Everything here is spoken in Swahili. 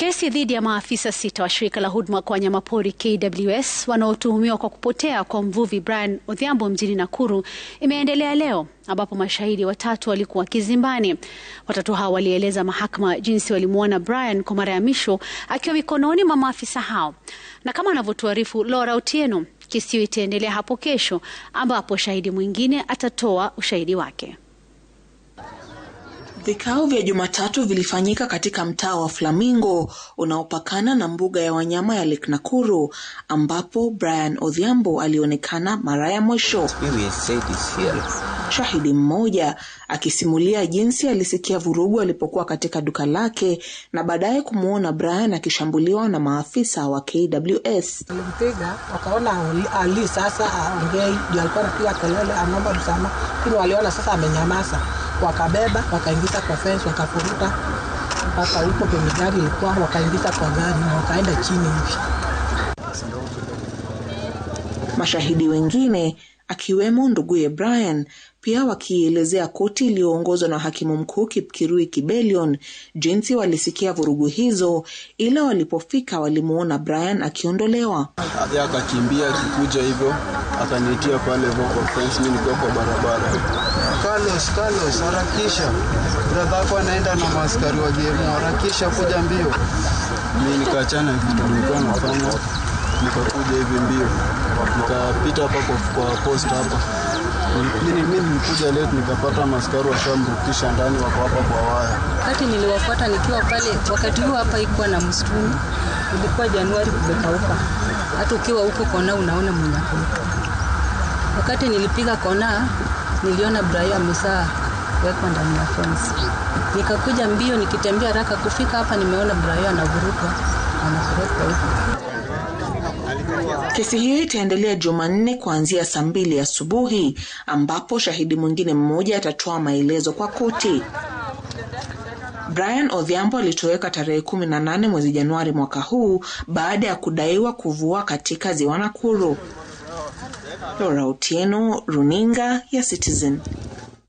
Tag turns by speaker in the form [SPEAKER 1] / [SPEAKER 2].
[SPEAKER 1] Kesi dhidi ya maafisa sita wa shirika la huduma kwa wanyamapori KWS wanaotuhumiwa kwa kupotea kwa mvuvi Brian Odhiambo mjini Nakuru imeendelea leo ambapo mashahidi watatu walikuwa kizimbani. Watatu hao walieleza mahakama jinsi walimwona Brian kwa mara ya mwisho akiwa mikononi mwa maafisa hao, na kama anavyotuarifu Laura Otieno, kesi hiyo itaendelea hapo kesho ambapo shahidi mwingine atatoa ushahidi wake.
[SPEAKER 2] Vikao vya Jumatatu vilifanyika katika mtaa wa Flamingo unaopakana na mbuga ya wanyama ya Lake Nakuru ambapo Brian Odhiambo alionekana mara ya mwisho. Shahidi mmoja akisimulia jinsi alisikia vurugu alipokuwa katika duka lake na baadaye kumwona Brian akishambuliwa na maafisa wa KWS.
[SPEAKER 3] Walimpiga wakaona Ali sasa aongei, alikuwa anapiga kelele, anaomba msamaha, lakini waliona sasa amenyamaza wakabeba wakaingiza kwa fence wakafuruta mpaka huko penye gari ilikuwa, wakaingiza kwa gari na wakaenda chini hivi.
[SPEAKER 2] Mashahidi wengine akiwemo nduguye Brian, pia wakielezea koti iliyoongozwa na hakimu mkuu Kipkirui Kibelion jinsi walisikia vurugu hizo, ila walipofika walimuona Brian akiondolewa.
[SPEAKER 4] Aja akakimbia akikuja hivyo akanitia pale kwa fence, nilikuwa kwa barabara.
[SPEAKER 5] Carlos, Carlos, harakisha brother yako anaenda na maskari wa GMO, harakisha, kuja mbio.
[SPEAKER 6] Mimi nikaachana kitu nilikuwa nafanya nikakuja hivi mbio, nikapita hapa kwa, kwa post hapa mimi nilikuja leo nikapata maskari washamrukisha ndani, wako hapa kwa waya.
[SPEAKER 7] Wakati niliwafuata nikiwa pale, wakati huo hapa ikuwa na msituni, ilikuwa Januari kumekauka, hata ukiwa huko kona unaona mwinyako. Wakati nilipiga kona, niliona Brian amesaa wekwa ndani ya fence. Nikakuja mbio nikitembea haraka, kufika hapa nimeona Brian anavurutwa anapelekwa huko
[SPEAKER 2] Kesi hiyo itaendelea Jumanne kuanzia saa mbili asubuhi ambapo shahidi mwingine mmoja atatoa maelezo kwa koti. Brian Odhiambo alitoweka tarehe 18 mwezi Januari mwaka huu baada ya kudaiwa kuvua katika ziwa Nakuru. Laura Otieno, Runinga ya Citizen.